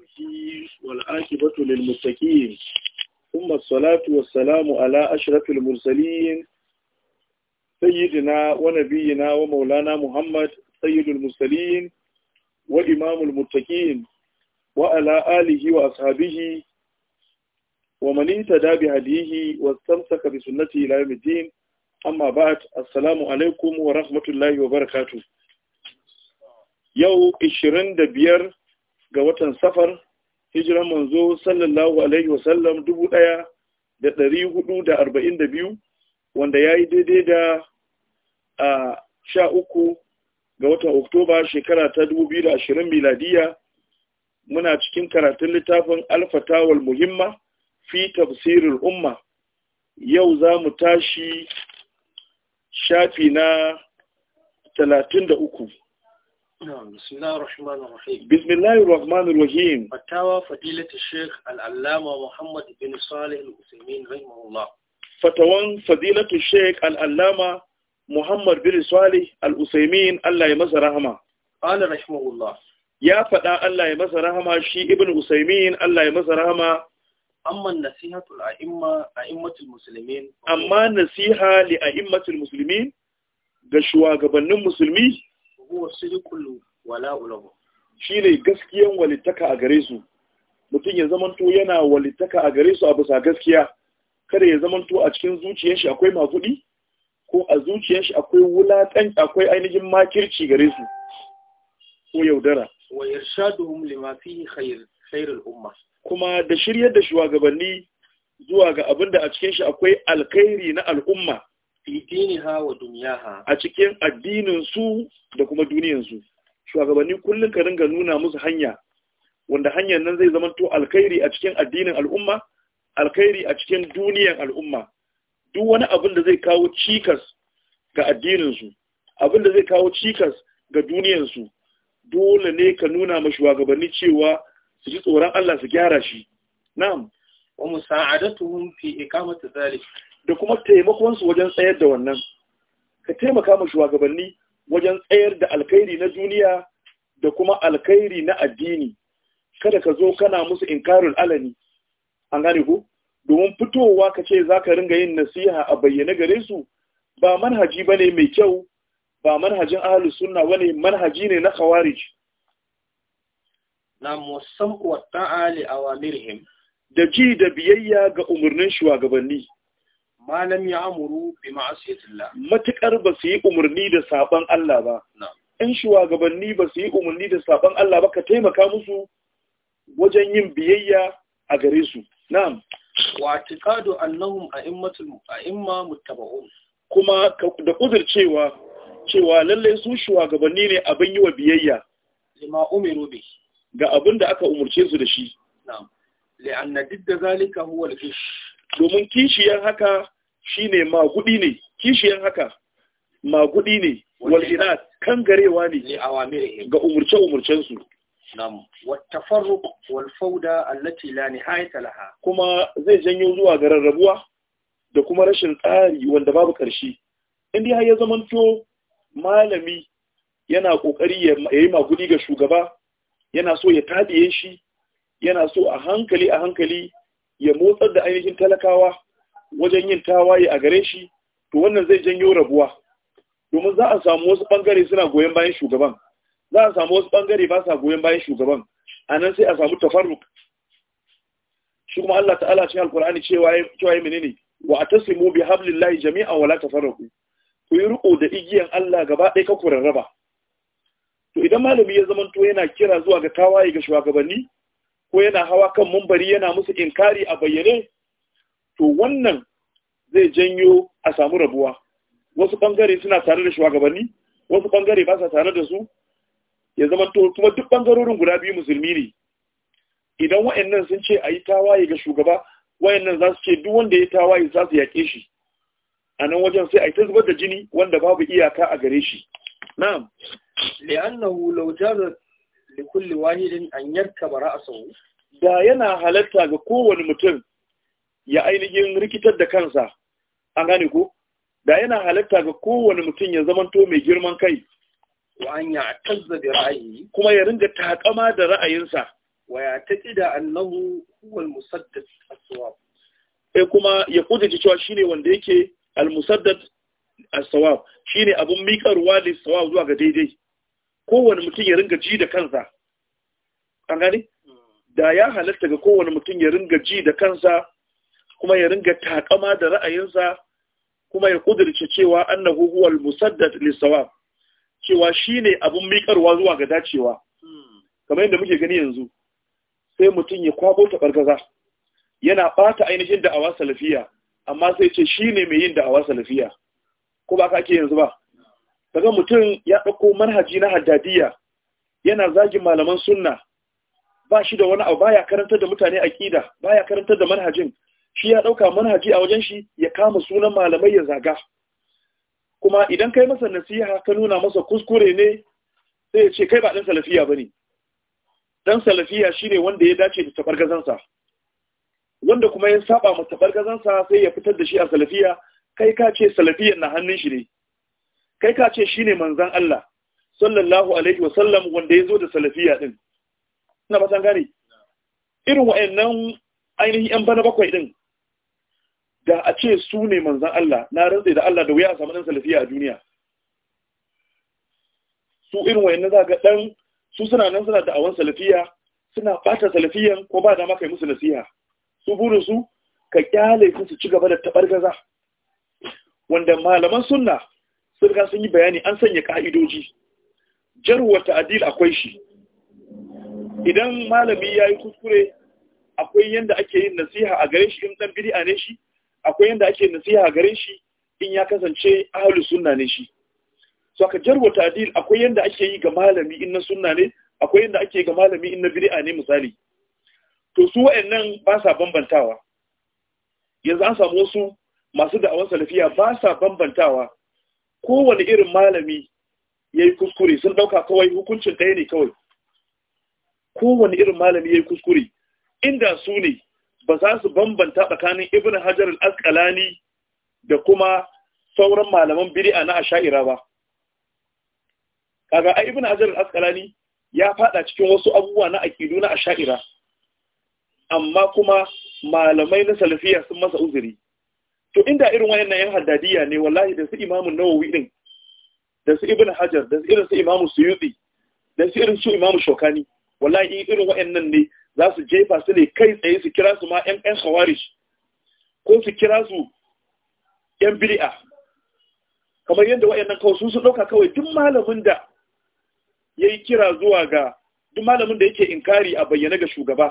الرحيم والعاقبة للمتقين ثم الصلاة والسلام على أشرف المرسلين سيدنا ونبينا ومولانا محمد سيد المرسلين وإمام المتقين وعلى آله وأصحابه ومن انتدى بهديه واستمسك بسنته إلى يوم الدين أما بعد السلام عليكم ورحمة الله وبركاته yau 25 ga watan safar hijiran manzo sallallahu alaihi wasallam dubu ɗaya da ɗari hudu da arba'in da biyu wanda ya yi daidai da a sha uku ga watan oktoba shekara ta dubu biyu da ashirin miladiya muna cikin karatun littafin alfatawal muhimma fi tafsirin umma yau za mu tashi shafi na talatin da uku بسم الله الرحمن الرحيم بسم الله الرحمن الرحيم فتاوى فضيلة الشيخ العلامة محمد بن صالح الحسيمين رحمه الله فتوى فضيلة الشيخ العلامة محمد بن صالح الحسيمين الله يمسى رحمه قال رحمه الله يا فدا الله يمسى رحمه شي ابن حسيمين الله يمسى رحمه أما النصيحة الأئمة أئمة المسلمين أما النصيحة لأئمة المسلمين ga shugabannin musulmi huwa sidqul wala ulama shine gaskiyan walitaka a gare su mutum ya zamanto yana walitaka a gare su a bisa gaskiya kada ya zamanto a cikin zuciyar shi akwai mafudi ko a zuciyar shi akwai wulatan akwai ainihin makirci gare su ko yaudara wa yarshaduhum lima fihi khair khairul umma kuma da shiryar da shugabanni zuwa ga abinda a cikin shi akwai alkhairi na al'umma fi diniha wa ha. a cikin addinin su da kuma duniyan su shugabanni kullun ka ringa nuna musu hanya wanda hanyar nan zai zama to alkhairi a cikin addinin al'umma alkhairi a cikin duniyan al'umma duk wani abin da zai kawo cikas ga addinin su abin da zai kawo cikas ga duniyan su dole ne ka nuna ma shugabanni cewa su ji tsoron Allah su gyara shi na'am wa musa'adatuhum fi iqamati zalik da kuma taimakonsu wajen tsayar da wannan ka taimaka mu shugabanni wajen tsayar da alkhairi na duniya da kuma alkhairi na addini kada ka zo kana musu inkarul alani an gane ku domin fitowa ka ce za ka ringa yin nasiha a bayyane gare su ba manhaji ba ne mai kyau ba manhajin ahalus sunna ba ne manhaji ne na khawarij na musamman wa ta'ali awamirhim da ji da biyayya ga umarnin shugabanni malam ya amuru bi ma'asiyatillah matukar ba su yi umarni da saban Allah ba in shugabanni ba su yi umarni da saban Allah ba ka taimaka musu wajen yin biyayya a gare su na'am wa taqadu annahum a'immatul a'imma muttaba'un kuma da kudur cewa cewa lalle su shugabanni ne abin yi wa biyayya lima umiru bi ga abin da aka umurce su da shi na'am li'anna didda zalika huwa al ish domin kishiyar haka shine magudi ne kishiyan haka magudi ne walhina kangarewa ne ga umurce umurcen su nam allati la nihayata laha kuma zai janyo zuwa ga rarrabuwa da kuma rashin tsari wanda babu ƙarshe Indi har ya zamanto malami yana kokari ya yi magudi ga shugaba yana so ya tabiye shi yana so a hankali a hankali ya motsar da ainihin talakawa wajen yin tawaye a gare shi to wannan zai janyo rabuwa domin za a samu wasu bangare suna goyon bayan shugaban za a samu wasu bangare ba sa goyon bayan shugaban a nan sai a samu tafarruk shi kuma Allah ta'ala cikin alkur'ani cewa yi menene wa atasimu bi hablillahi jami'an wala tafarruku ku yi riko da igiyan Allah gaba ɗaya ka kurarraba to idan malami ya zamanto yana kira zuwa ga tawaye ga shugabanni ko yana hawa kan mambari yana musu inkari a bayyane to wannan zai janyo a samu rabuwa wasu bangare suna tare da shugabanni wasu bangare ba sa tare da su ya zama to kuma duk bangarorin guda biyu musulmi ne idan wayannan sun ce ayi tawaye ga shugaba wayannan za su ce duk wanda ya tawaye za su yake shi a nan wajen sai ayi ta zubar da jini wanda babu iyaka a gare shi na'am li'annahu law jarat da kulli wahidin an yarkaba ra'sahu da yana halatta ga kowane mutum ya ainihin rikitar da kansa an gane ko da yana halatta ga kowane mutum ya zamanto mai girman kai wa an ya tazza bi ra'ayi kuma ya ringa takama da ra'ayinsa wa ya taqida annahu huwa al-musaddad as-sawab eh kuma ya kudace cewa shine wanda yake al-musaddad as-sawab shine abun miƙarwa da sawab zuwa ga daidai kowane mutum ya ringa ji da kansa an gani da ya halatta ga kowane mutum ya ringa ji da kansa kuma ya ringa takama da ra'ayinsa kuma ya kudirce cewa annahu huwal musaddad lisawab cewa shine abun miƙarwa zuwa ga dacewa kamar yadda muke gani yanzu sai mutum ya kwabo ta bargaza yana bata ainihin da'awa salafiya amma sai ce shine mai yin da'awa salafiya ko ba ka ke yanzu ba kaga mutum ya ɗauko manhaji na haddadiya yana zagin malaman sunna ba shi da wani abu baya karantar da mutane aƙida baya karantar da manhajin shi ya ɗauka manhaji a wajen shi ya kama sunan malamai ya zaga kuma idan kai masa nasiha ka nuna masa kuskure ne sai ya ce kai ba ɗan salafiya ba ne ɗan salafiya shi ne wanda ya dace da tabargazansa wanda kuma ya saba ma tabargazansa sai ya fitar da shi a salafiya kai ka ce salafiyan na hannun shi ne kai ka ce shine manzan Allah sallallahu alaihi wasallam wanda ya zo da salafiya din ina ba san gane irin wayannan ainihin yan bana bakwai din da a ce su ne manzan Allah na rantsa da Allah da wuya a samu nan salafiya a duniya su irin wayannan za ga dan su suna nan suna da awon salafiya suna fata salafiyan ko ba da maka yi musu nasiha su burin su ka kyale su su ci gaba da gaza. wanda malaman sunna sun ga sun yi bayani an sanya ka'idoji jarwa ta'adil akwai shi idan malami ya yi kuskure akwai yanda ake yin nasiha a gare shi in dan bid'a ne shi akwai yanda ake nasiha a gare shi in ya kasance ahlus sunna ne shi so ka jarwa ta'dil akwai yanda ake yi ga malami in na sunna ne akwai yanda ake ga malami in na bid'a ne misali to su wayannan ba sa bambantawa yanzu an samu wasu masu da'awar salafiya ba sa bambantawa kowane irin malami ya yi kuskure sun ɗauka kawai hukuncin ɗaya ne kawai kowane irin malami ya yi kuskure inda su ne ba za su bambanta tsakanin ibn hajar al-asqalani da kuma sauran malaman a na asha'ira ba kaga a ibn hajar al-asqalani ya fada cikin wasu abubuwa na aqidu na asha'ira amma kuma malamai na salafiya sun masa uzuri to inda irin wayannan yan haddadiya ne wallahi da su imamu nawawi din da su ibn hajar da su irin su imamu suyuti da su irin su imamu shokani wallahi irin wayannan ne za su jefa su ne kai tsaye su kira su ma yan yan khawarij ko su kira su yan bid'a kamar yadda wayannan kawai su su dauka kawai duk malamin da yayi kira zuwa ga duk malamin da yake inkari a bayyana ga shugaba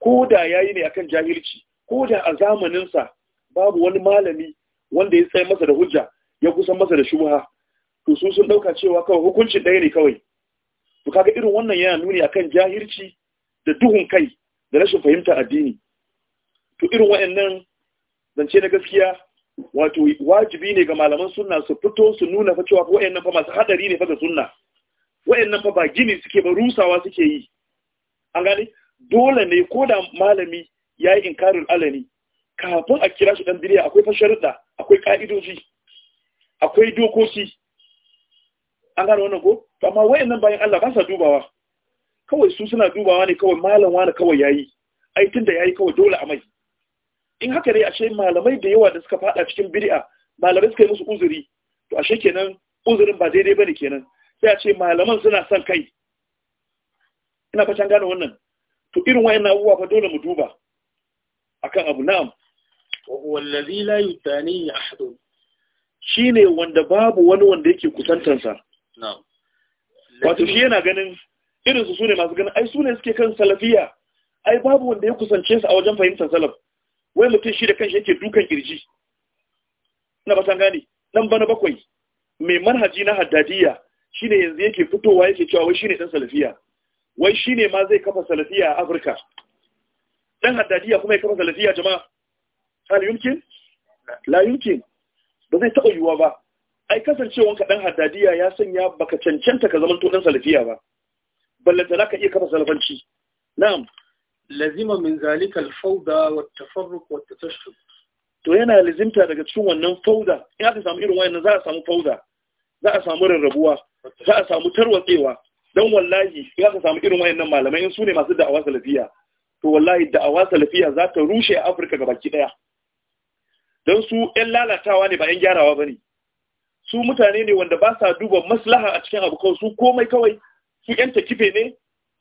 ko da yayi ne akan jahilci ko da a zamaninsa babu wani malami wanda ya tsaye masa da hujja ya kusan masa da shubha to su sun dauka cewa kawai hukuncin ɗaya ne kawai to kaga irin wannan yana nuni akan jahirci da duhun kai da rashin fahimtar addini to irin wayannan zance na gaskiya wato wajibi ne ga malaman sunna su fito su nuna fa cewa wa'annan fa masu hadari ne fa ga sunna wayannan fa ba gini suke ba rusawa suke yi an gane dole ne koda da malami yayi inkarul alani kafin a kira shi dan bid'a akwai fasharuda akwai ka'idoji akwai dokoki an gano wannan ko amma wayannan bayan Allah ba sa dubawa kawai su suna dubawa ne kawai malam wani kawai yayi ai tunda yayi kawai dole a mai in haka dai ashe malamai da yawa da suka fada cikin bid'a malamai suka yi musu uzuri to ashe kenan uzurin ba daidai bane kenan sai a ce malaman suna son kai ina fatan gane wannan to irin wayannan abubuwa fa dole mu duba akan abu na'am wa huwa allazi la yutanihi ahadun shine wanda babu wani wanda yake kusantansa na'am shi yana ganin irin su sune masu ganin ai sune suke kan salafiya ai babu wanda ya kusance su a wajen fahimtar salaf wai mutum shi da kanshi yake dukan kirji na ba san gane nan bana bakwai mai manhaji na haddadiya shine yanzu yake fitowa yake cewa wai shine dan salafiya wai shine ma zai kafa salafiya a Afirka dan haddadiya kuma ya kafa salafiya jama'a hal yumkin la yumkin ba zai taɓa yiwuwa ba ai kasancewan ka dan haddadiya ya sanya baka cancanta ka zama to dan salafiya ba ballanta zaka iya kafa salafanci na'am lazima min zalika al-fawda wa tafarruq wa at to yana lazimta daga cikin wannan fauda in aka samu irin wayannan za a samu fauda za a samu rarrabuwa za a samu tarwatsewa dan wallahi in aka samu irin wayannan malamai in su ne masu da'awa salafiya to wallahi da'awa salafiya za ta rushe a Afirka gabaki daya don su 'yan lalatawa ne ba 'yan gyarawa ba ne su mutane ne wanda ba sa duba maslaha a cikin abokan su komai kawai su 'yan takife ne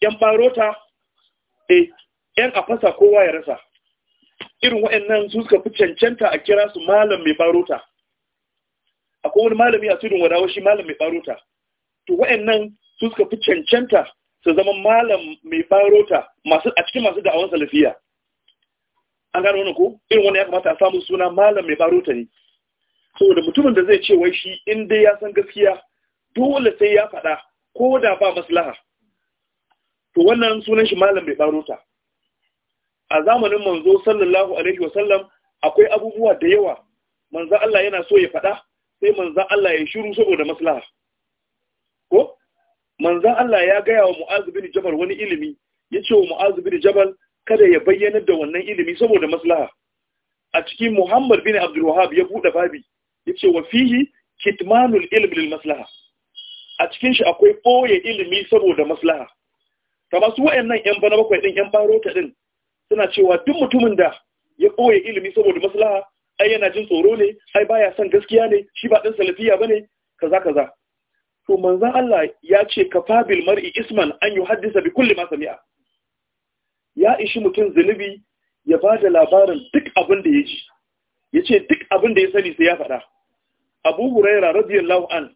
'yan barota e 'yan a fasa kowa ya rasa irin waɗannan su suka fi cancanta a kira su malam mai barota akwai wani malami a tudun wadawa shi malam mai barota to waɗannan su suka fi cancanta su zama malam mai barota masu a cikin masu da'awan salafiya an gano wani ko irin wani ya kamata a samu suna malam mai barota ne saboda mutumin da zai ce wai shi in dai ya san gaskiya dole sai ya faɗa ko da ba maslaha to wannan sunan shi malam mai barota a zamanin manzo sallallahu alaihi wa sallam akwai abubuwa da yawa manzo Allah yana so ya faɗa sai manzo Allah ya shiru saboda maslaha ko manzo Allah ya gaya wa Mu'az bin Jabal wani ilimi yace wa Mu'az bin Jabal kada ya bayyanar da wannan ilimi saboda maslaha a cikin Muhammad bin Abdulwahab ya buɗe babi yace wa fihi kitmanul ilm lil maslaha a cikin shi akwai ɓoye ilimi saboda maslaha ta su wayannan yan bana bakwai din yan barota din suna cewa duk mutumin da ya boye ilimi saboda maslaha ai yana jin tsoro ne ai baya son gaskiya ne shi ba dan salafiya ne, kaza kaza to manzon Allah ya ce kafabil mar'i isman an yuhaddisa bi kulli ma sami'a ya ishi mutum zunubi ya ba da labarin duk abin da ya ji ya ce duk abin da ya sani sai ya faɗa abu huraira radiyallahu an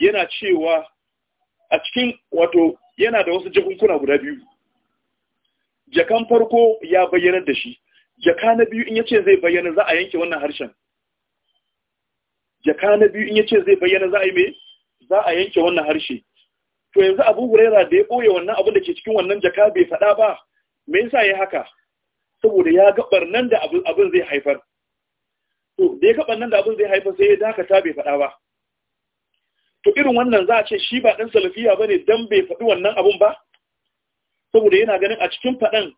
yana cewa a cikin wato yana da wasu jakunkuna guda biyu jakan farko ya bayyanar da shi jaka na biyu in yace zai bayyana za a yanke wannan harshen jaka na biyu in yace zai bayyana za a yi me za a yanke wannan harshe to yanzu abu huraira da ya ɓoye wannan abin da ke cikin wannan jaka bai faɗa ba me yasa ya haka saboda ya ga barnan da abin zai haifar to da ya ga barnan da abin zai haifar sai ya dakata bai faɗa ba to irin wannan za a ce shi ba ɗan salafiya ba ne don bai faɗi wannan abun ba saboda yana ganin a cikin faɗan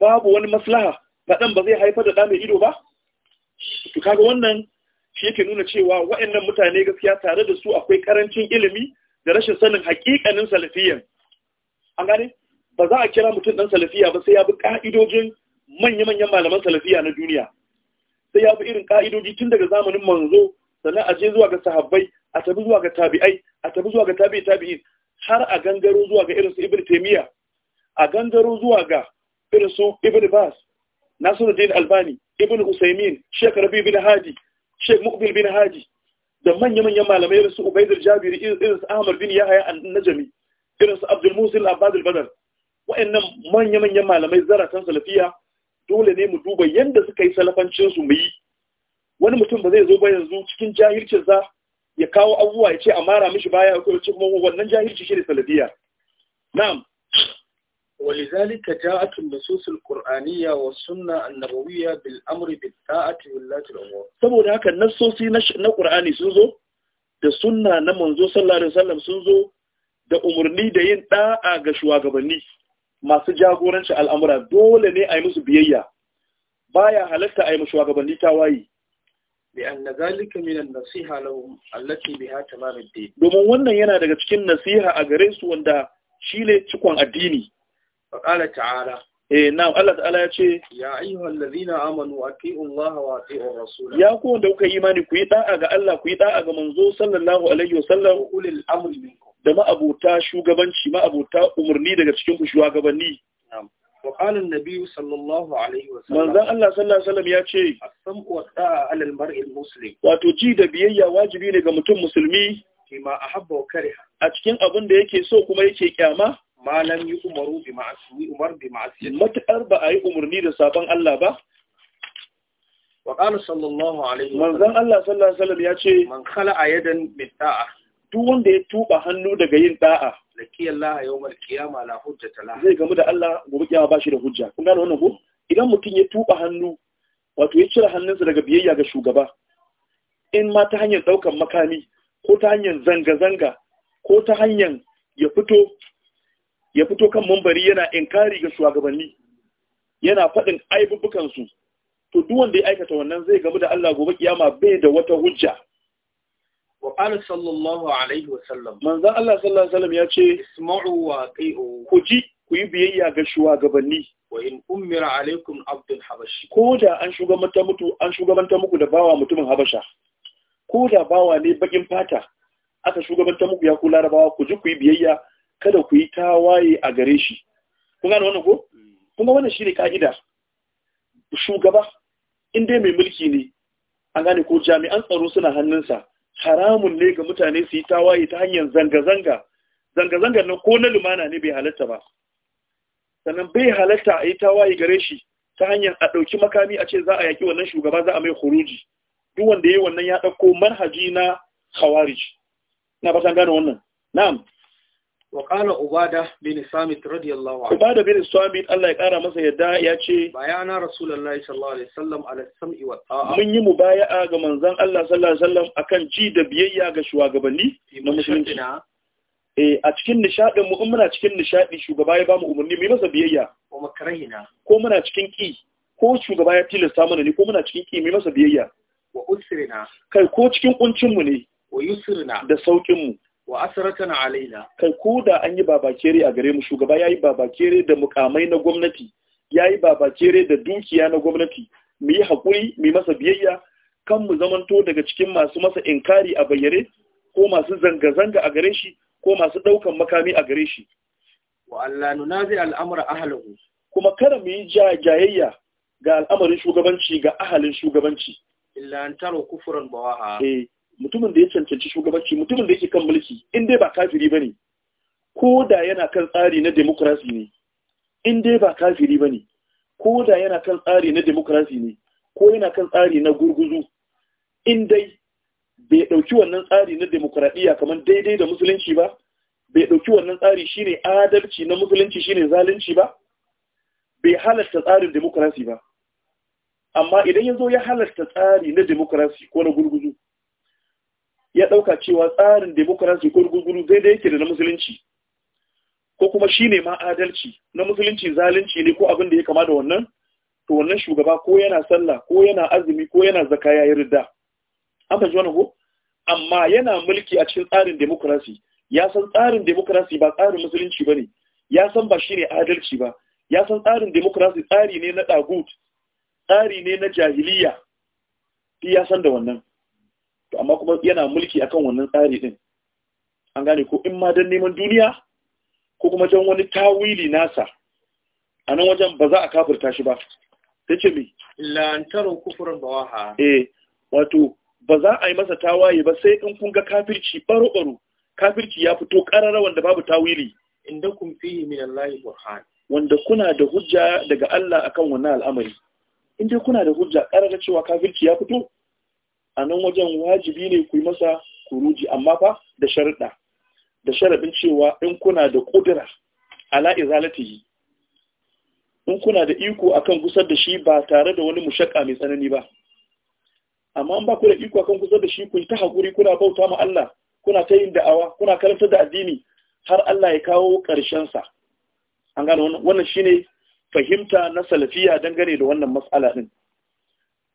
babu wani maslaha faɗan ba zai haifar da ɗa mai ido ba to kaga wannan shi yake nuna cewa waɗannan mutane gaskiya tare da su akwai ƙarancin ilimi da rashin sanin haƙiƙanin salafiyan an gane ba za a kira mutum ɗan salafiya ba sai ya bi ƙa'idojin manya-manyan malaman salafiya na duniya sai ya bi irin ƙa'idoji tun daga zamanin manzo sannan a je zuwa ga sahabbai a tafi zuwa ga tabi'ai a tafi zuwa ga tabi'i tabi'in har a gangaro zuwa ga irin su ibn taymiya a gangaro zuwa ga irin su ibn bas nasiruddin albani ibn Husaymin, sheikh rabi bin hadi sheikh mukbil bin hadi da manya-manyan malamai irin su ubaidul jabiri irin su ahmad bin yahaya an najami irin su abdul musil abbas al-badr wa'annan manya-manyan malamai zaratan salafiya dole ne mu duba yadda suka yi salafancinsu mu yi wani mutum ba zai zo ba yanzu cikin jahilcinsa ya kawo abubuwa ya ce a mara mishi baya ko ya ce kuma wannan jahilci shi ne salafiya na'am ولذلك جاءت النصوص القرآنية والسنة النبوية بالأمر بالطاعة ولاة الأمور saboda haka nassosi na Qur'ani sun zo da sunna na manzo sallallahu alaihi sun zo da umarni da yin ɗa'a ga shugabanni masu jagoranci al'amura dole ne a yi musu biyayya baya halatta a yi musu shugabanni tawaye لأن ذلك nasiha النصيحة لهم التي بها تمام الدين domin wannan yana daga cikin nasiha a gare su wanda ne cikon addini qala ta'ala eh na Allah ta'ala ya ce ya ayyuhal ladina amanu atiu Allah wa atiu rasul ya ku wanda kuka imani ku yi da'a ga Allah ku yi da'a ga manzo sallallahu alaihi wasallam ulil amri minkum da ma'abota shugabanci ma'abota umarni daga cikin ku shugabanni wa qala an sallallahu alaihi wa sallam manzon Allah sallallahu ya ce as-sam'u wa ta'a 'ala al-mar'i wato ji da biyayya wajibi ne ga mutum musulmi fima ahabba wa kariha a cikin abin yake so kuma yake kyama malam yi umaru bi ma'asi umar bi ma'asi matakar ba a yi umarni da sabon Allah ba wa qala sallallahu alaihi wa sallam Allah ya ce man yadan min duk wanda ya tuba hannu daga yin da'a laki Allah yawmal kiyama la hujjata la zai gamu da Allah gobe kiyama ba shi da hujja kun gane wannan ko idan mutum ya tuba hannu wato ya cire hannunsa daga biyayya ga shugaba in ma ta hanyar daukan makami ko ta hanyar zanga zanga ko ta hanyar ya fito kan mambari yana inkari ga shugabanni yana faɗin aibubukan to duk wanda ya aikata wannan zai gamu da Allah gobe kiyama bai da wata hujja wa qala sallallahu alaihi wa sallam manzo Allah sallallahu alaihi ya ce isma'u wa qi'u ku ji ku yi biyayya ga shugabanni wa in ummira alaikum abdul ko da an shugabanta muku da bawa mutumin habasha ko da bawa ne bakin fata aka shugabanta muku ya ku larabawa ku ji ku yi biyayya kada ku yi tawaye a gare shi kun gane wannan ko hmm. kun ga shine ka'ida shugaba in dai mai mulki ne an gane ko jami'an tsaro suna hannunsa haramun ne ga mutane su yi tawaye ta hanyar zanga-zanga zanga-zanga na ko na lumana ne bai halatta ba sannan bai halatta a yi tawaye gare shi ta hanyar a ɗauki makami a ce za a yaƙi wannan shugaba za a mai huruji duk wanda ya yi wannan ya ɗauko manhaji na khawarij na fatan gane wannan na'am وقال عبادة بن سامت رضي الله عنه عبادة بن سامت الله يقرأ مسا يدعى يأتي بايعنا رسول الله صلى الله عليه وسلم على السمع والطاعة من يمبايع من زن الله صلى الله عليه وسلم أكن جيد بيئي أغشوا قبلي نمسلمين a cikin nishadin mu in muna cikin nishadi shugaba ya bamu umarni mai masa biyayya ko makarahina ko muna cikin ki ko shugaba ya tilasta mana ne ko muna cikin ki mai masa biyayya wa usrina kai ko cikin kuncin mu ne wa yusrina da saukin mu wa asaratan alaina kai ko da an yi babakere a gare mu shugaba yayi babakere da mukamai na gwamnati yayi babakere da dukiya na gwamnati mu yi hakuri mu masa biyayya kan mu zamanto daga cikin masu masa inkari a bayyare, ko masu zanga zanga a gare shi ko masu daukan makami a gare shi wa Allah nunazi al'amra ahlihi kuma kada mu yi jayayya ga al'amarin shugabanci ga ahalin shugabanci illa an taro kufuran bawaha eh mutumin da ya cancanci shugabanci mutumin da yake kan mulki in dai ba kafiri bane ko da yana kan tsari na demokrasi ne in dai ba kafiri bane ko da yana kan tsari na demokrasi ne ko yana kan tsari na gurguzu in dai bai dauki wannan tsari na demokradiya kamar daidai da musulunci ba bai dauki wannan tsari shine adalci na musulunci shine zalunci ba bai halarta tsarin demokrasi ba amma idan ya zo ya halarta tsari na demokrasi ko na gurguzu ya ɗauka cewa tsarin demokarasi ko gurguru zai da yake da na musulunci ko kuma shi ne ma adalci na musulunci zalunci ne ko abin da ya kama da wannan to wannan shugaba ko yana sallah ko yana azumi ko yana zaka ya yi ridda an fahimci wannan ko amma yana mulki a cikin tsarin demokarasi ya san tsarin demokarasi ba tsarin musulunci ba ne ya san ba shi ne adalci ba ya san tsarin demokarasi tsari ne na ɗagut tsari ne na jahiliya ya san da wannan to amma kuma yana mulki akan wannan tsari din an gane ko in ma dan neman duniya ko kuma don wani tawili nasa a nan wajen ba za a kafirta shi ba ta ce an taro kufurin bawaha eh wato ba za a yi masa tawaye ba sai in kun ga kafirci baro-baro kafirci ya fito ƙarara wanda babu tawili inda kun fi min Allah burhan wanda kuna da hujja daga Allah akan wannan al'amari in dai kuna da hujja ƙarara cewa kafirci ya fito a nan wajen wajibi ne ku yi masa kuruji amma fa da sharuɗa da sharaɗin cewa in kuna da ƙudura ala yi. in kuna da iko akan gusar da shi ba tare da wani mushaƙa mai tsanani ba amma ba ku da iko akan gusar da shi ku yi ta haƙuri kuna bauta ma Allah kuna ta yin da'awa kuna karantar da addini har Allah ya kawo ƙarshen sa an gane wannan wannan shine fahimta na salafiya dangane da wannan matsala din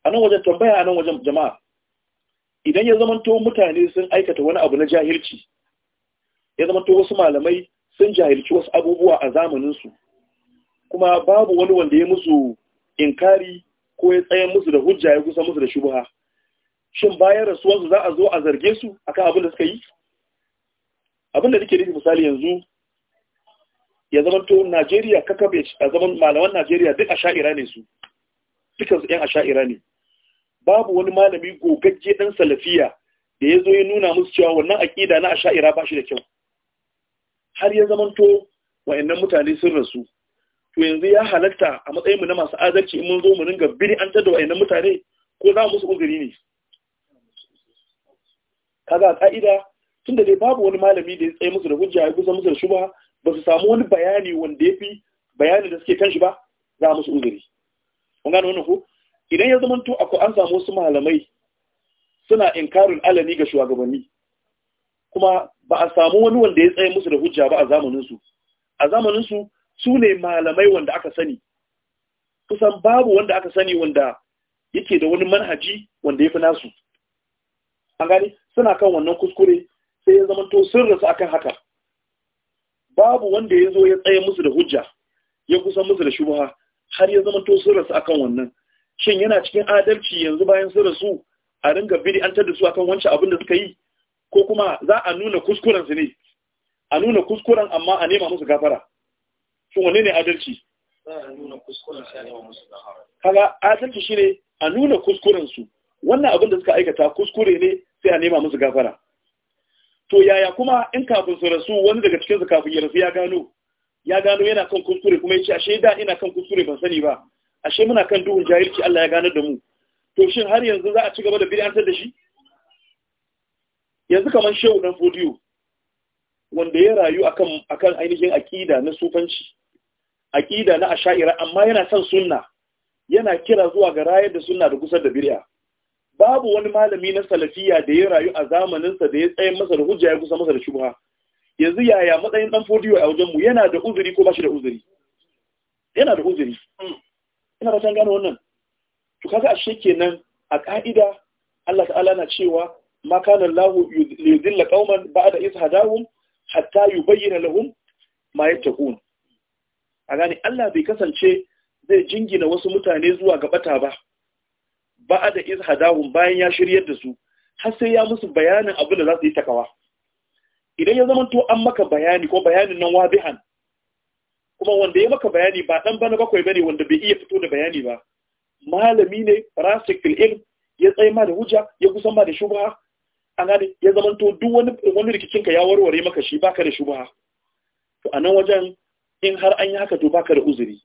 a nan wajen tambaya a wajen jama'a idan ya zamanto mutane sun aikata wani abu na jahilci ya zamanto wasu malamai sun jahilci wasu abubuwa a zamaninsu kuma babu wani wanda ya musu inkari ko ya tsayan musu da hujja ya kusa musu da shubuha. shin bayan rasuwarsu za a zo a zarge su akan abin da suka yi abin da nake nufi misali yanzu ya zama to Najeriya kakabe a zaman malaman Najeriya duk sha'ira ne su dukansu yan sha'ira ne babu wani malami gogagge dan salafiya da ya zo ya nuna musu cewa wannan aƙida na asha'ira ba shi da kyau har ya zamanto wa'annan mutane sun rasu to yanzu ya halatta a matsayinmu na masu adalci in mun zo mu ringa an tada wa'annan mutane ko za mu musu uzuri ne kaga ka'ida tunda dai babu wani malami da ya tsaye musu da hujja ya gusa musu da shuba ba su samu wani bayani wanda ya fi bayanin da suke kan shi ba za musu uzuri kun gane wannan ko idan ya zamanto akwai an samu wasu malamai suna inkarin alani ga shugabanni kuma ba a samu wani wanda ya tsaye musu da hujja ba a zamaninsu a zamaninsu su ne malamai wanda aka sani kusan babu wanda aka sani wanda yake da wani manhaji wanda ya fi nasu an gane suna kan wannan kuskure sai ya to sun rasu akan haka babu wanda ya zo ya tsaye musu da hujja ya kusan musu da shubha har ya zamanto sun rasu akan wannan shin yana cikin adalci yanzu bayan su rasu a ringa biri an da su akan wancan abin da suka yi ko kuma za a nuna kuskuren su ne a nuna kuskuren amma a nema musu gafara shin wanne ne adalci kaga adalci shine a nuna kuskuren su wannan abin da suka aikata kuskure ne sai a nema musu gafara to yaya kuma in kafin su rasu wani daga cikin su kafin ya rasu ya gano ya gano yana kan kuskure kuma ya ce ashe da ina kan kuskure ban sani ba ashe muna kan duhun jahilci Allah ya gane da mu to shin har yanzu za a ci gaba da bid'antar da shi yanzu kamar shehu dan fodiyo wanda ya rayu akan akan ainihin akida na sufanci akida na asha'ira amma yana son sunna yana kira zuwa ga rayar da sunna da gusar da bid'a babu wani malami na salafiya da ya rayu a zamanin sa da ya tsaye masa da hujja ya kusa masa da shubha yanzu yaya matsayin dan fodiyo a wajenmu yana da uzuri ko ba shi da uzuri yana da uzuri hmm. ina ba gano wannan to kaga ashe kenan a ka'ida Allah ta'ala na cewa ma kana lahu yudilla qauman ba'da iz hadahum hatta yubayyana lahum ma yattaqun a gani Allah bai kasance zai jingina wasu mutane zuwa ga bata ba ba'da iz bayan ya shiryar da su har sai ya musu bayanin abin da za su yi takawa idan ya zama to an maka bayani ko bayanin nan wadihan kuma wanda ya maka bayani ba dan bana bakwai bane wanda bai iya fito da bayani ba malami ne rasik fil ilm ya tsaye ma da hujja ya kusan ma da shubha an gane ya to duk wani wani rikicin ka ya warware maka shi baka da shubha to anan wajen in har an yi haka to baka da uzuri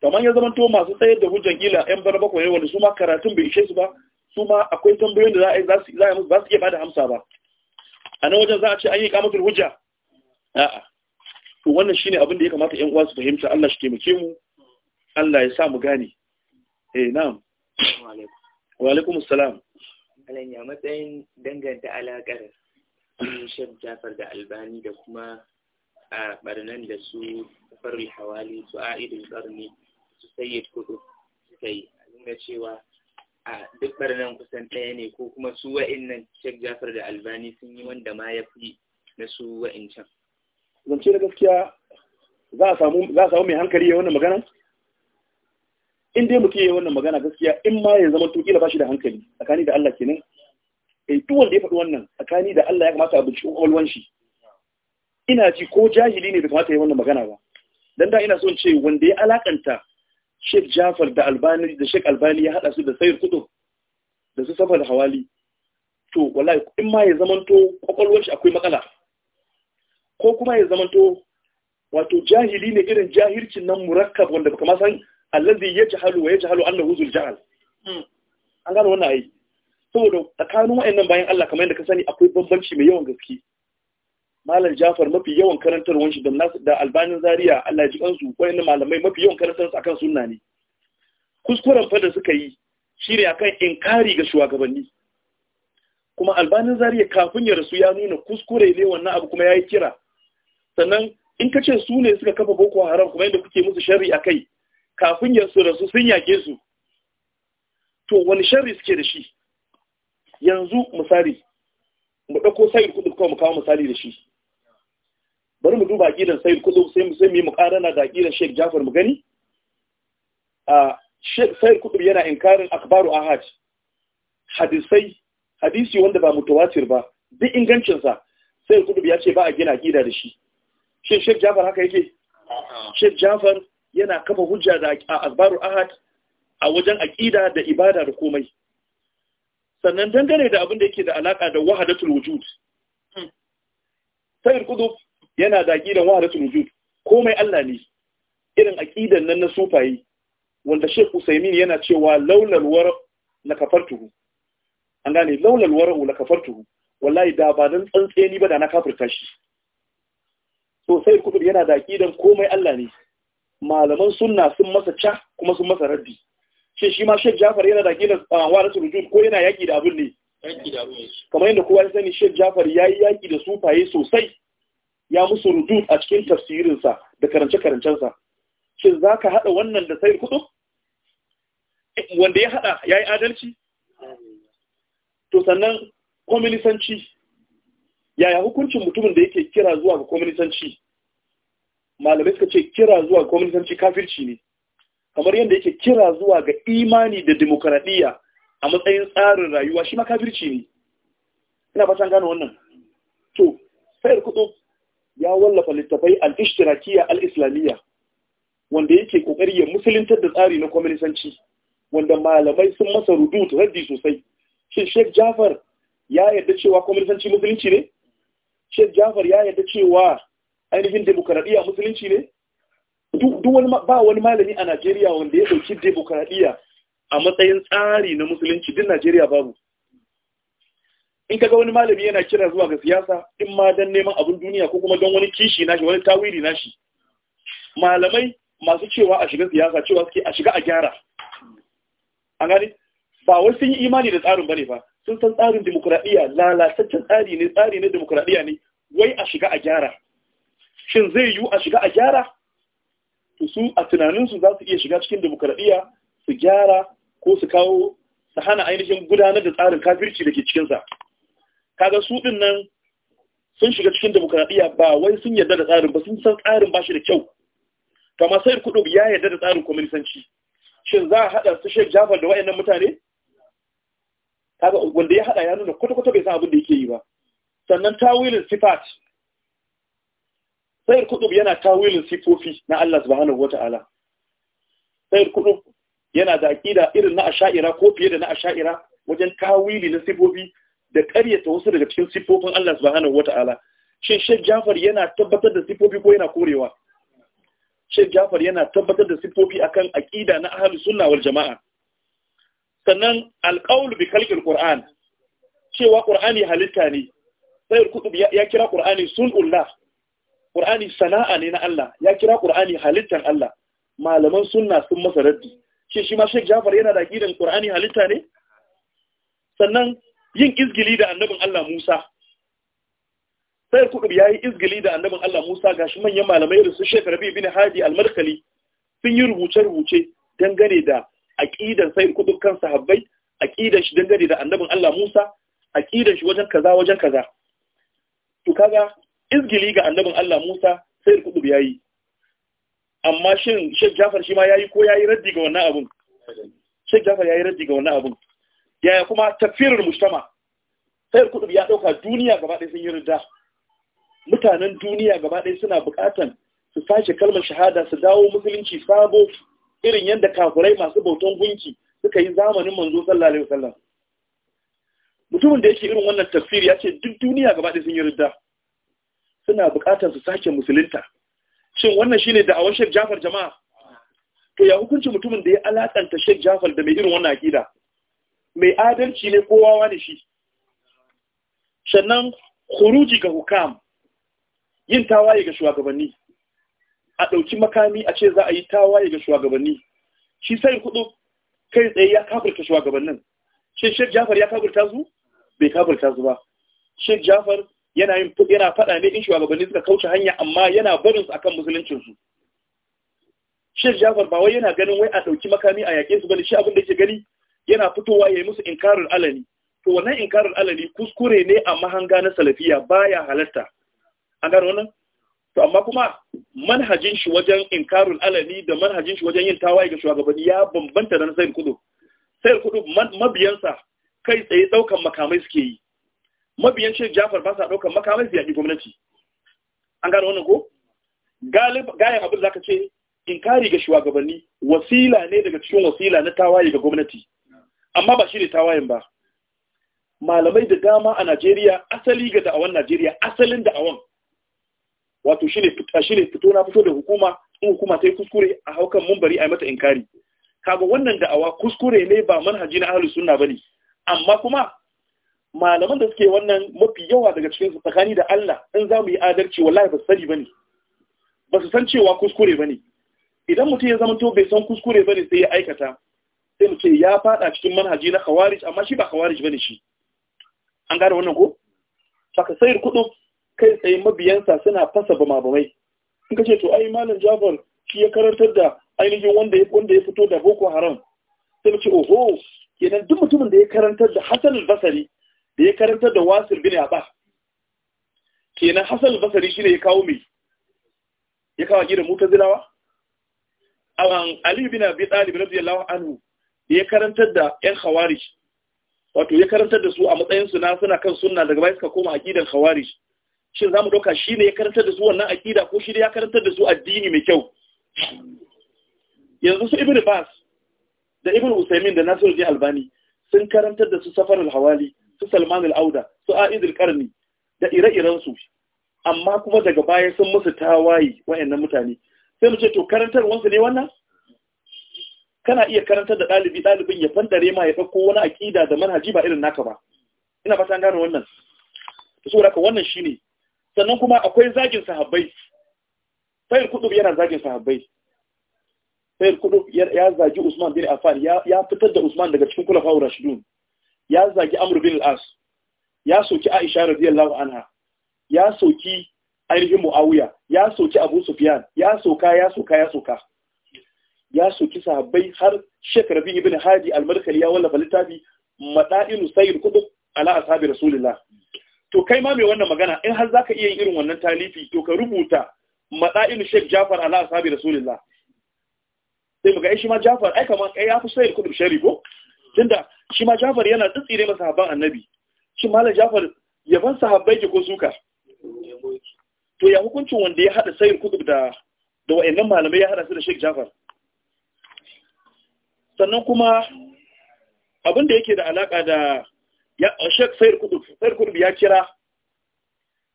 kamar ya to masu tsayar da hujjan ila yan bana bakwai ne wanda su ma karatun bai ishe su ba su ma akwai tambayoyin da za a yi za su iya ba da amsa ba a nan wajen za a ce an yi kamatul hujja a'a to wannan shine abin da ya kamata ƴan uwa fahimta Allah shi taimake mu Allah ya sa mu gane eh na'am wa alaikum assalam alan ya matsayin danganta alaƙar Shef Jafar da Albani da kuma a barnan da su farri hawali su a'idul su sayyid kudu sai yi cewa a duk barnan kusan ɗaya ne ko kuma su wa'innan Sheikh Jafar da Albani sun yi wanda ma ya fi na su wa'incan zance da gaskiya za a samu mai hankali ya wannan magana in dai mutum ya wannan magana gaskiya in ma ya zama tukila ba shi da hankali tsakani da Allah kenan eh tuwon da ya faɗi wannan tsakani da Allah ya kamata a binciki ƙwaƙwalwan shi ina ji ko jahili ne da kamata ya wannan magana ba dan da ina son ce wanda ya alakanta Sheikh Jafar da Albani da Sheikh Albani ya hada su da sayar kudu da su Safar Hawali to wallahi in ma ya zamanto kwakwalwar shi akwai matsala ko kuma ya to wato jahili ne irin jahilcin nan murakkab wanda baka ma san allazi jahalu wa ya jahalu annahu zul jahl hmm. an gano wannan ai saboda tsakanin wayannan bayan Allah kamar yadda ka sani akwai bambanci mai yawan gaske Malam Jafar mafi yawan karantarwar shi da Albanin Zaria Allah ji kansu wayannan malamai mafi yawan karantarwar su akan sunna ne kuskuren fa da suka yi shine akan inkari ga shugabanni kuma Albanin Zaria kafin ya rasu ya nuna kuskure ne wannan abu kuma yayi kira sannan in ka ce su ne suka kafa boko haram kuma yadda kuke musu sharri a kai kafin yanzu da su sun yake su to wani shari suke da shi yanzu misali mu ɗauko sayar kudu kuma mu kawo misali da shi bari mu duba aƙidar sayar kudu sai mu sai mu yi muƙarana da aƙidar sheik jafar mu gani a sayar kudu yana inkarin akbaru ahad hadisai hadisi wanda ba mutawatir ba duk ingancinsa sayar kudu ya ce ba a gina aƙida da shi shi Sheikh Jafar haka yake Sheikh Jafar yana kafa hujja da Azbarul Ahad a wajen aqida da ibada da komai sannan dangane da abin da yake da alaka da wahadatul wujud hmm. sayyid Kudu yana da aqidan wahadatul wujud komai Allah ne irin aqidan nan na sufaye. wanda Sheikh Usaimin yana cewa laulal war la kafartuhu an gane laulal war la kafartuhu wallahi da ba dan tsantseni ba da na kafirta shi sosai kudur yana da aqidan komai Allah ne malaman sunna sun masa ca kuma sun masa Rabbi. shin shi ma Sheikh Jafar yana da aqidan warasul rujul ko yana yaki da abun ne yaki da abun kamar yadda kowa ya sani Sheikh Jafar yayi yaki da sufaye sosai ya musu rujul a cikin tafsirinsa da karance-karancensa shin zaka hada wannan da sai kudu? wanda ya hada yayi adalci to sannan kwaminisanci. yaya hukuncin mutumin da yake kira zuwa ga malamai suka ce kira zuwa ga kwaminisanci kafirci ne kamar yadda yake kira zuwa ga imani da demokaradiyya a matsayin tsarin rayuwa shi ma kafirci ne ina fatan gano wannan to sayar kudu ya wallafa littafai al-ishtirakiyya al-islamiyya wanda yake kokari ya musuluntar da tsari na kwaminisanci wanda malamai sun masa rudu raddi sosai shin Sheikh Jafar ya yarda cewa kwaminisanci musulunci ne Sheikh Jafar ya yarda cewa ainihin demokradiyya musulunci ne ba wani malami a Najeriya wanda ya dauki demokradiyya a matsayin tsari na musulunci din Najeriya babu in kaga wani malami yana kira zuwa ga siyasa in ma dan neman abin duniya ko kuma don wani kishi nashi wani tawiri nashi malamai masu cewa a shiga siyasa cewa suke a shiga a gyara an gani ba wai sun yi imani da tsarin bane ba sun san tsarin demokradiyya lalataccen tsari ne tsari ne demokradiyya ne wai a shiga a gyara shin zai yiwu a shiga a gyara to su a tunaninsu za su iya shiga cikin demokradiyya su gyara ko su kawo su hana ainihin gudanar da tsarin kafirci da ke cikinsa kaga su ɗin nan sun shiga cikin demokradiyya ba wai sun yarda da tsarin ba sun san tsarin ba shi da kyau kama sayar kudu ya yarda da tsarin kwaminisanci shin za a haɗa su shek jafar da wa'annan mutane kaga wanda ya haɗa ya nuna kwata-kwata bai san abin da yake yi ba sannan tawilin sifat sayar kudub yana tawilin sifofi na Allah subhanahu wata'ala sayar kudub yana da aqida irin na asha'ira ko fiye da na asha'ira wajen tawili na sifofi da ƙaryata wasu daga cikin sifofin Allah subhanahu wata'ala shin Sheikh Jafar yana tabbatar da sifofi ko yana korewa Sheikh Jafar yana tabbatar da sifofi akan aqida na ahlus sunna wal jama'a sannan alƙawul bi kalkil qur'an cewa ƙur'ani halitta ne sai kutub ya kira qur'ani sunullah Ƙur'ani sana'a ne na Allah ya kira ƙur'ani halittar Allah malaman sunna sun masa raddi shi shi ma Sheikh Jafar yana da gidan ƙur'ani halitta ne sannan yin izgili da annabin Allah Musa sai kutub ya yi izgili da annabin Allah Musa gashi manyan malamai da su Sheikh Rabi bin Hadi al-Markali sun yi rubuce-rubuce dangane da aqidan sai ku dukkan sahabbai aqidan shi dangane da annabin Allah Musa aqidan shi wajen kaza wajen kaza to kaga izgili ga annabin Allah Musa sai ku dubi yayi amma shin Sheikh Jafar shi ma yayi ko yayi raddi ga wannan abun Sheikh Jafar yayi raddi ga wannan abun yaya kuma tafsirul mujtama sai ku dubi ya dauka duniya gaba ɗaya sun yi ridda mutanen duniya gaba ɗaya suna buƙatan su sace kalmar shahada su dawo musulunci sabo irin yadda kafirai masu bautan gunki suka yi zamanin manzo sallallahu alaihi wasallam mutumin da yake irin wannan tafsiri ya ce duk duniya gaba ɗaya sun yi ridda suna buƙatar su sake musulunta shin wannan shine da da'awar shek Jafar jama'a to ya hukunci mutumin da ya alakanta shek Jafar da mai irin wannan akida mai adalci ne kowa wani shi sannan khuruji ga hukam yin tawaye ga shugabanni a ɗauki makami a ce za a yi tawaye ga shugabanni shi sai kudu kai tsaye ya kafirta shugabannin shi shek Jafar ya kafirta su bai kafirta su ba shek Jafar yana yin yana faɗa ne in shugabanni suka kauce hanya amma yana barin su akan musuluncin su shek Jafar ba wai yana ganin wai a ɗauki makami a yaƙe su bane shi abin da yake gani yana fitowa ya yi musu inkarar alani to wannan inkarar alani kuskure ne a mahanga na salafiya baya halarta an gano wannan to amma kuma manhajin shi wajen inkarul alali da manhajin shi wajen yin tawaye ga shugabanni ya bambanta da na sayar kudu sayar kudu mabiyansa kai tsaye daukan makamai suke yi mabiyan shi jafar ba sa daukan makamai su yaƙi gwamnati an gane wannan ko galib gayan abin zaka ce inkari ga shugabanni wasila ne daga cikin wasila na tawaye ga gwamnati amma ba shi ne tawayen ba malamai da dama a Najeriya asali ga da'awan Najeriya asalin da'awan wato shine fita shine fito na fito da hukuma in hukuma ta yi kuskure a haukan mumbari a yi mata inkari kaga wannan da'awa kuskure ne ba manhaji na ahlus sunna bane amma kuma malaman da suke wannan mafi yawa daga cikin su tsakani da Allah in za mu yi adalci wallahi ba su sani bane ba su san cewa kuskure bane idan mutum ya zama to bai san kuskure bane sai ya aikata sai mu ce ya fada cikin manhaji na khawarij amma shi ba khawarij bane shi an gane wannan ko saka sayar kudu kai tsaye mabiyansa suna fasa bamabamai in ka ce to ai malam jafar shi ya karantar da ainihin wanda ya fito da boko haram sai mu ce oho kenan duk mutumin da ya karantar da Hassan al-Basri da ya karantar da Wasil bin abba kenan Hassan al-Basri shine ya kawo mai ya kawo gidan Mutazilawa an Ali bin Abi Talib radiyallahu anhu da ya karantar da ƴan Khawarij wato ya karantar da su a matsayin su na suna kan sunna daga baya suka koma aqidar Khawarij shin za mu ɗauka shi ne ya karantar da su wannan aƙida ko shi ne ya karantar da su addini mai kyau yanzu su ibn bas da ibn usaimin da nasiru ji albani sun karantar da su safar al-hawali su salman al-auda su a'id al-qarni da ire-iren su amma kuma daga baya sun musu tawaye wayannan mutane sai mu ce to karantar su ne wannan kana iya karantar da ɗalibi ɗalibin ya fandare ma ya ɗauko wani aƙida da manhaji ba irin naka ba ina fatan gane wannan to saboda haka wannan shine sannan kuma akwai zagin sahabbai sayar kudu yana zagin sahabbai sayar kudu ya zagi usman bin affan ya fitar da usman daga cikin fawar rashidun ya zagi amur bin al'as ya soki aisha radiyallahu anha ya soki ainihin muawiya ya soki abu sufyan ya soka ya soka ya soka ya soki sahabbai har shek rabi ibn hadi al-markali ya wallafa littafi mada'ilu sayyid kudu ala ashabi rasulillah to kai ma mai wannan magana in har zaka iya yin irin wannan talifi to ka rubuta matsa'in Sheikh Jafar ala ashabi Rasulullah sai muga shi ma Jafar ai kaman ya yafi sayar kudu shari ko tunda shi ma Jafar yana tsitsire masa sahabban Annabi shi malam Jafar ya ban sahabbai ke ko suka to ya hukuncin wanda ya hada sayar kudu da da wayannan malamai ya hada su da Sheikh Jafar sannan kuma abin da yake da alaka da shek sayar kudu sayar ya kira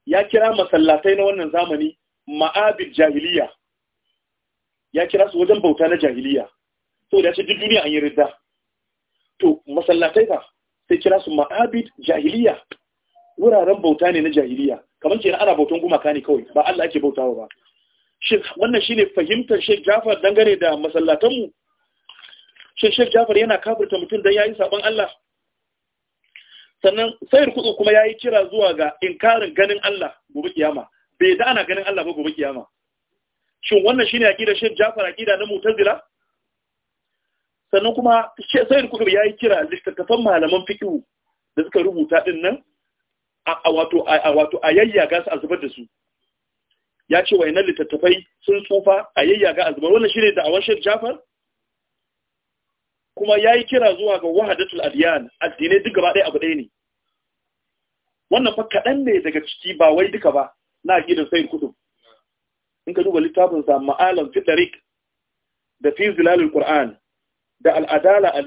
ya kira masallatai na wannan zamani ma'abid jahiliya ya kira su wajen bauta na jahiliya to da shi duk duniya an yi ridda to masallatai ka sai kira su ma'abid jahiliya wuraren bauta ne na jahiliya kamar ce ana bautan gumaka ne kawai ba Allah ake bautawa ba Sheikh wannan shine fahimtar Sheikh Jafar dangane da masallatanmu Sheikh Sheikh Jafar yana kafirta mutum dan yayi saban Allah sannan sayar kudu kuma ya yi kira zuwa ga inkarin ganin Allah gobe kiyama bai da ana ganin Allah ba gobe kiyama shin wannan shine aqidar Sheikh Jafar aqida na Mu'tazila sannan kuma sayar kudu ya yi kira littattafan malaman fiqh da suka rubuta din nan a wato a wato a yayyaga su a zubar da su ya ce wayannan littattafai sun tsufa a yayyaga a zubar wannan shine da awashar Jafar kuma ya yi kira zuwa ga wahadatul adiyan addinai duk gaba ɗaya abu ɗaya ne wannan fa kaɗan ne daga ciki ba wai duka ba na gidan sayin kudu in ka duba littafin sa ma'alam fitarik da fi zilalul qur'an da al'adala al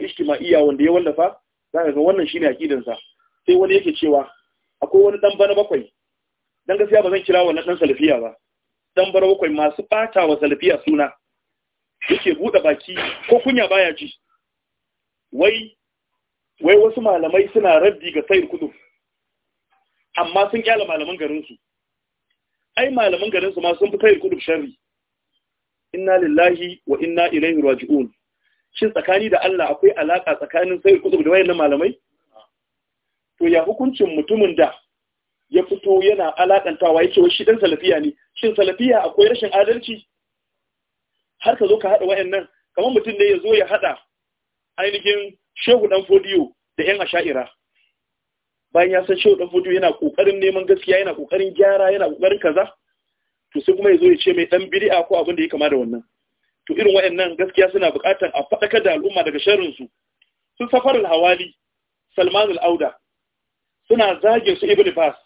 wanda ya wallafa za ka ga wannan shine akidan sa sai wani yake cewa akwai wani dan bana bakwai dan gaskiya ba zan kira wannan dan salafiya ba dan bana bakwai masu bata wa salafiya suna yake bude baki ko kunya baya ji wai wai wasu malamai suna raddi ga sayar kudu amma sun kyala malaman garinsu ai malaman garinsu ma sun fi sayar kudu sharri inna lillahi wa inna ilaihi raji'un shin tsakani da Allah akwai alaka tsakanin sayar kudu da wayannan malamai to ya hukuncin mutumin da ya fito yana alakantawa yake wai shi dan salafiya ne shin salafiya akwai rashin adalci har ka zo ka hada wayannan kamar mutum ne ya zo ya hada ainihin shehu dan fodiyo da yan asha'ira bayan ya san shehu dan fodiyo yana kokarin neman gaskiya yana kokarin gyara yana kokarin kaza to sai kuma yazo ya ce mai dan bid'a ko abin da ya kama da wannan to irin wayannan gaskiya suna bukatar a faɗakar da al'umma daga sharrin su sun safar al-hawali Salman al-Auda suna zage su Ibn Bas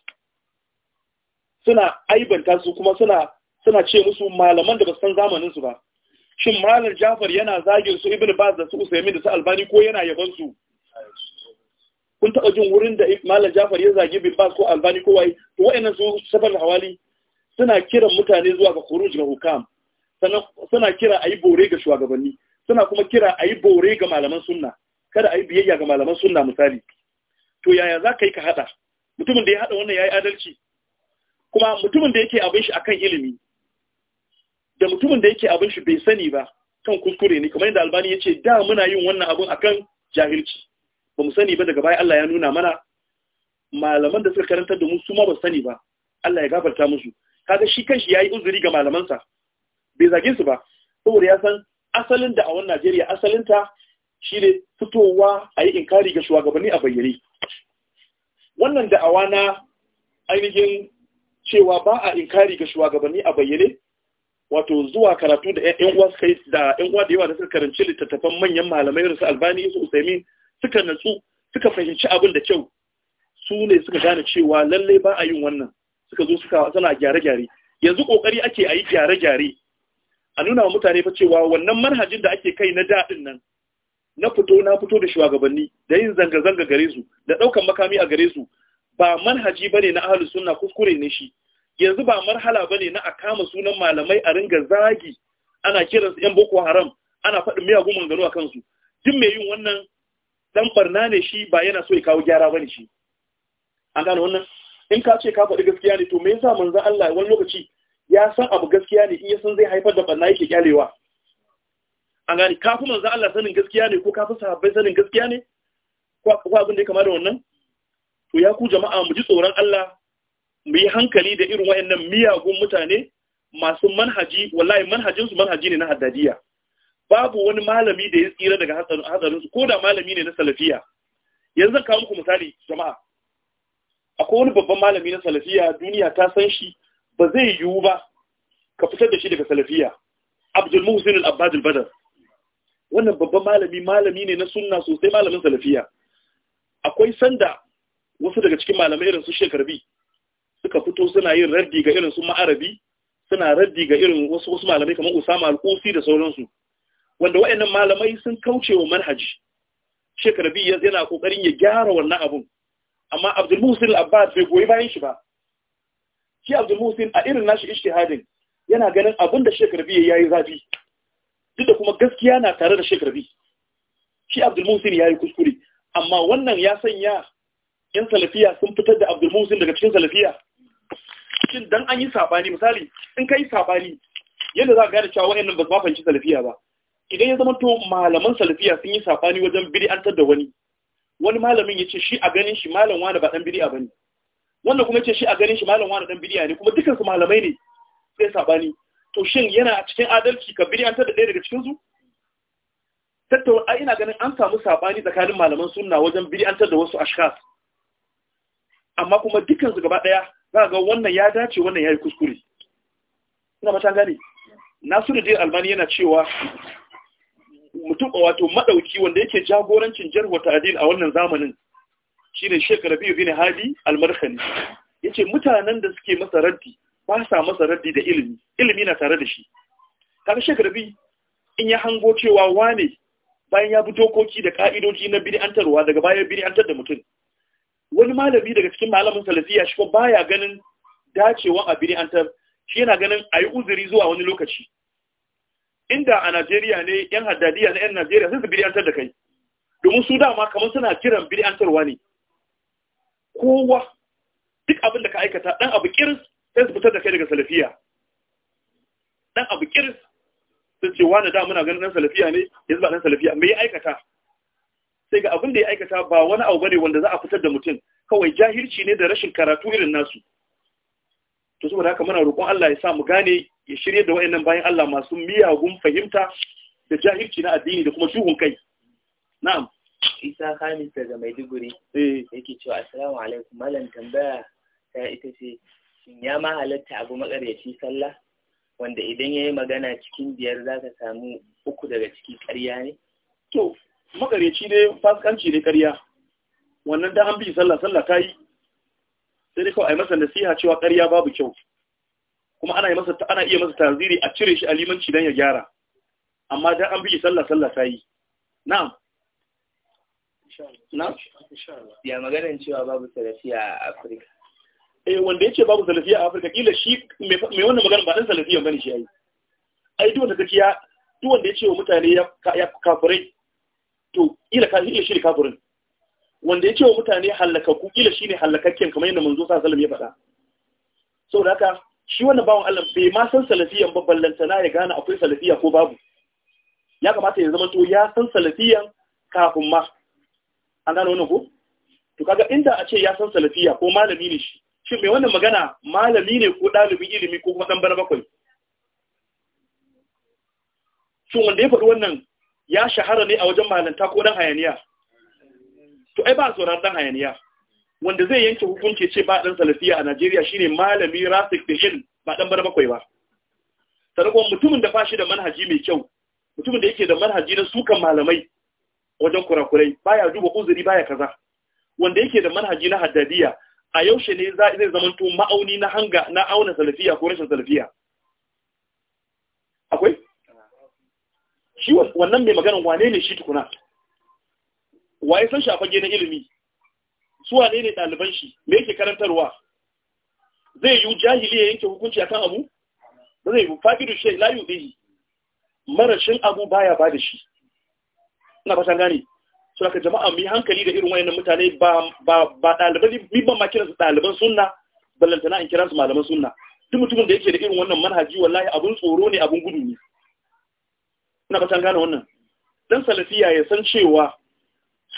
suna aibanta su kuma suna suna ce musu malaman da ba san zamanin su ba shin malar jafar yana zagin su ibn baz da su usaimin da su albani ko yana yaban su kun taɓa jin wurin da malar jafar ya zagi bin baz ko albani ko waye to wa'annan su safar hawali suna kiran mutane zuwa ga kuruj ga hukam sannan suna kira ayi bore ga shugabanni suna kuma kira ayi bore ga malaman sunna kada ayi biyayya ga malaman sunna misali to yaya za ka yi ka hada mutumin da ya hada wannan ya yi adalci kuma mutumin da yake abin shi akan ilimi da mutumin da yake abin shi bai sani ba kan kuskure ne kamar yadda albani ya ce da muna yin wannan abin akan jahilci ba mu sani ba daga baya Allah ya nuna mana malaman da suka karanta da mu su ma ba sani ba Allah ya gafarta musu kaga shi kanshi yayi uzuri ga malamansa bai zage su ba saboda ya san asalin da a wannan Najeriya asalin ta shine fitowa a yi inkari ga shugabanni a bayyane wannan da'awa na ainihin cewa ba a inkari ga shugabanni a bayyane wato zuwa karatu da ƴan uwa suka da ƴan uwa da yawa da suka karanci littattafan manyan malamai irin su Albani su Usaimi suka natsu suka fahimci abin da kyau su ne suka gane cewa lalle ba a yin wannan suka zo suka suna gyare-gyare yanzu kokari ake a yi gyare-gyare a nuna wa mutane fa cewa wannan manhajin da ake kai na daɗin nan na fito na fito da shugabanni da yin zanga-zanga gare su da ɗaukan makami a gare su ba manhaji bane na ahlus sunna kuskure ne shi yanzu ba marhala ne na a kama sunan malamai a ringa zagi ana su yan boko haram ana faɗin miyagun manganu a kansu duk mai yin wannan dan barna ne shi ba yana so ya kawo gyara ba ne shi an gane wannan in ka ce ka faɗi gaskiya ne to me yasa manzon Allah wani lokaci ya san abu gaskiya ne in ya san zai haifar da barna yake kyalewa an gane ka fi manzon Allah sanin gaskiya ne ko ka fi sahabbai sanin gaskiya ne ko abin da ya kama da wannan to ya ku jama'a mu ji tsoron Allah mu yi hankali da irin wayannan miyagun mutane masu manhaji wallahi manhajinsu manhaji ne na haddadiya babu wani malami da ya tsira daga hatsarinsu ko da malami ne na salafiya yanzu ka kawo muku misali jama'a akwai wani babban malami na salafiya duniya ta san shi ba zai yiwu ba ka fitar da shi daga salafiya abdul muhsin al badar wannan babban malami malami ne na sunna sosai malamin salafiya akwai sanda wasu daga cikin malamai irin su shekarbi suka fito suna yin raddi ga irin su ma'arabi suna raddi ga irin wasu wasu malamai kamar Usama al-Qusi da sauransu wanda waɗannan malamai sun kauce wa manhaji Sheikh Rabi yana kokarin ya gyara wannan abun amma Abdul Muhsin Abbas bai goyi bayan shi ba shi Abdul Muhsin a irin nashi ijtihadin yana ganin abin da Sheikh Rabi yayi zafi duk da kuma gaskiya na tare da Sheikh Rabi shi Abdul Muhsin yayi kuskure amma wannan ya sanya yan salafiya sun fitar da Abdul Muhsin daga cikin salafiya cikin dan an yi sabani misali in kai sabani yadda za ka gane cewa wa'annan ba su ma fahimci salafiya ba idan ya zama to malaman salafiya sun yi sabani wajen bid'antar da wani wani malamin ya ce shi a ganin shi malam wani ba dan bid'a bane wannan kuma ce shi a ganin shi malam wani dan bid'a ne kuma dukkan su malamai ne sai sabani to shin yana cikin adalci ka bid'antar da ɗaya daga cikin su tattaun a ina ganin an samu sabani tsakanin malaman sunna wajen bid'antar da wasu ashkas amma kuma dukkan su gaba daya za ga wannan ya dace wannan ya yi kuskure ina mata gane nasiru dai albani yana cewa mutum a wato maɗauki wanda yake jagorancin jarwa adil a wannan zamanin Shi shine biyu biyu bin Hadi almarkani ya yace mutanen da suke masa raddi ba sa masa raddi da ilimi ilimi na tare da shi kaga shekara biyu. in ya hango cewa wane bayan ya bi dokoki da ka'idoji na biri'antarwa daga bayan biri'antar da mutum wani malami daga cikin malamin salafiya shi ba baya ganin dacewan a bid'antar shi yana ganin ayi uzuri zuwa wani lokaci inda a Najeriya ne yan haddadiya na yan Najeriya sai su bid'antar da kai domin su dama kamar suna kiran bid'antarwa ne kowa duk abin da ka aikata dan abu kiris sai su fitar da kai daga salafiya dan abu kiris sai ce wani da muna ganin dan salafiya ne yanzu ba dan salafiya me ya aikata sai ga abin da ya aikata ba wani abu bane wanda za a fitar da mutum kawai jahilci ne da rashin karatu irin nasu to saboda haka muna roƙon Allah ya sa mu gane ya shirye da wayannan bayan Allah masu miyagun fahimta da jahilci na addini da kuma shuhun kai na'am Isa Khamis daga Maiduguri eh. yake cewa assalamu alaikum malam tambaya ta ita ce shin ya ma halatta abu makaryaci sallah wanda idan yayi magana cikin biyar zaka samu uku daga ciki ƙarya ne to magareci ne fasikanci ne karya. wannan da an bi sallah sallah ta yi sai dai kawai a yi masa nasiha cewa karya babu kyau kuma ana ana iya masa taziri a cire shi a limanci don ya gyara amma da an bi sallah sallah ta yi na na'am ya maganin cewa babu salafi a Afirka eh wanda ce babu salafi a Afirka kila shi mai wannan magana ba salafi ya gani shi ai ai ta wanda duwanda ya ce wa mutane ya kafirai to kila ka shi ne kafirin wanda ya ce wa mutane hallakakku kila ne hallakakken kamar yadda manzo sallallahu alaihi wasallam ya faɗa saboda haka shi wannan bawan Allah bai ma san salafiyan ba ballantana ya gane akwai salafiya ko babu ya kamata ya zama to ya san salafiyan kafin ma an gano wannan ko to kaga inda a ce ya san salafiya ko malami ne shi shin mai wannan magana malami ne ko ɗalibin ilimi ko kuma dan bana bakwai shin wanda ya faɗi wannan ya shahara ne a wajen malanta ko dan hayaniya to ai ba tsoron dan hayaniya wanda zai yanke hukunci ce ba dan salafiya a Najeriya shine malami rasik din ba dan bar bakwai ba sannan mutumin da fashi da manhaji mai kyau mutumin da yake da manhaji na sukan malamai wajen kurakurai baya duba uzuri baya kaza wanda yake da manhaji na haddadiya a yaushe ne zai zamanto ma'auni na hanga na auna salafiya ko rashin salafiya akwai shi wannan mai magana wane ne shi tukuna waye san shi a fage na ilimi su wane ne ɗaliban shi me yake karantarwa zai yi jahiliya yanke hukunci akan abu ba zai yi fa'idu shi la yudihi marashin abu baya ba da shi ina fata gane su aka jama'a mu hankali da irin wayannan mutane ba ba ɗaliban ni ban ma su ɗaliban sunna ballantana in kiransu malaman sunna duk mutumin da yake da irin wannan manhaji wallahi abun tsoro ne abun gudu ne ina fatan gane wannan dan salafiya ya san cewa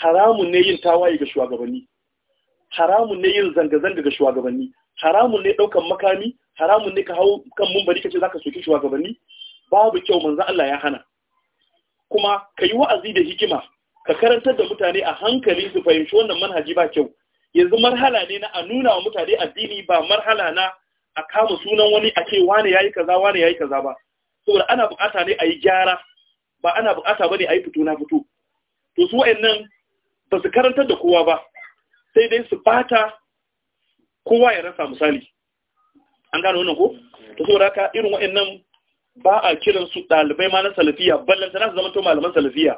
haramun ne yin tawaye ga shugabanni haramun ne yin zanga-zanga ga shugabanni haramun ne daukan makami haramun ne ka hau kan mumbari kace zaka soki shugabanni babu kyau manzo Allah ya hana kuma ka yi wa'azi da hikima ka karantar da mutane a hankali su fahimci wannan manhaji ba kyau yanzu marhala ne na a nuna wa mutane addini ba marhala na a kama sunan wani a ce wani yayi kaza wane yayi kaza ba saboda ana bukata ne a yi gyara ba ana bukata ne a yi fito na fito to su wa'annan ba su karantar da kowa ba sai dai su bata kowa ya rasa misali an gano wannan ko to saboda haka irin wa'annan ba a kiran su ɗalibai ma na salafiya ballanta na su zama to malaman salafiya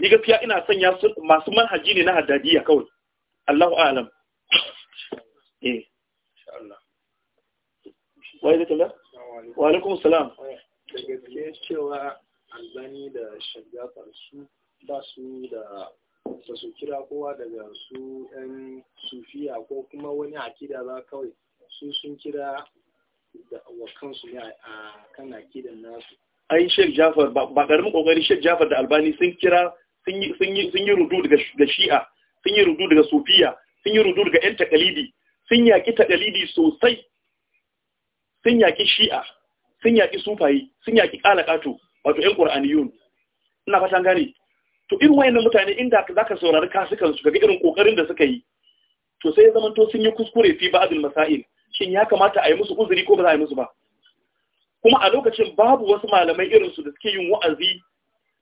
ni gaskiya ina sanya su masu manhaji ne na haddadiya kawai Allahu a'lam eh insha Allah wa alaikum salam cewa albani da shagafar su ba su da ba su kira kowa daga su yan sufiya ko kuma wani akida ba kawai su sun kira da wa kansu ne a kan akidan nasu ai shek Jafar ba karamin kokari shek Jafar da Albani sun kira sun yi sun yi rudu daga Shi'a sun yi rudu daga Sufiya sun yi rudu daga ƴan takalidi sun yaki takalidi sosai sun yaki Shi'a sun yaki Sufayi sun yaki kato. wato ƴan qur'aniyun ina fatan gani. to irin wayannan mutane inda za ka saurari kasukan su ga irin ƙoƙarin da suka yi to sai ya zamanto sun yi kuskure fi ba'dil masail shin ya kamata a yi musu uzuri ko ba za a yi musu ba kuma a lokacin babu wasu malamai irin su da suke yin wa'azi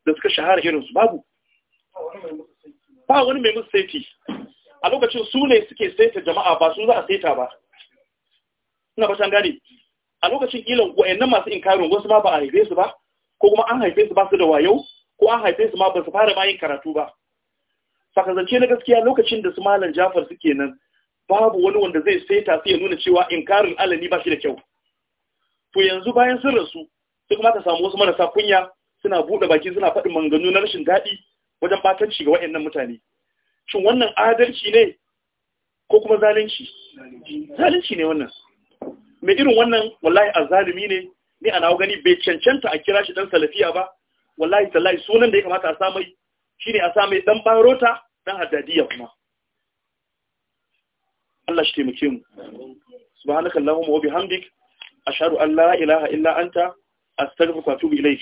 da suka shahara irin su babu ba wani mai musu saiti a lokacin su ne suke saita jama'a ba su za a saita ba ina ba gane a lokacin ilan wayannan masu inkarin wasu ba ba a haife su ba ko kuma an haife su ba su da wayo ko an haife su ma ba su fara bayin karatu ba sakazance na gaskiya lokacin da su malam jafar suke nan babu wani wanda zai saita su ya nuna cewa inkarin alani ba shi da kyau to yanzu bayan sun rasu sai kuma ka samu wasu marasa kunya suna buɗe baki suna faɗin manganu na rashin daɗi wajen batanci ga waɗannan mutane shin wannan adalci ne ko kuma zalunci zalunci ne wannan mai irin wannan wallahi azzalumi ne ni ana gani bai cancanta a kira shi dan salafiya ba wallahi tallahi sunan da ya kamata a samai shine a samai dan barota dan haddadiya kuma Allah shi taimake mu subhanaka allahumma wa bihamdik ashhadu an la ilaha illa anta astaghfiruka wa atubu ilayk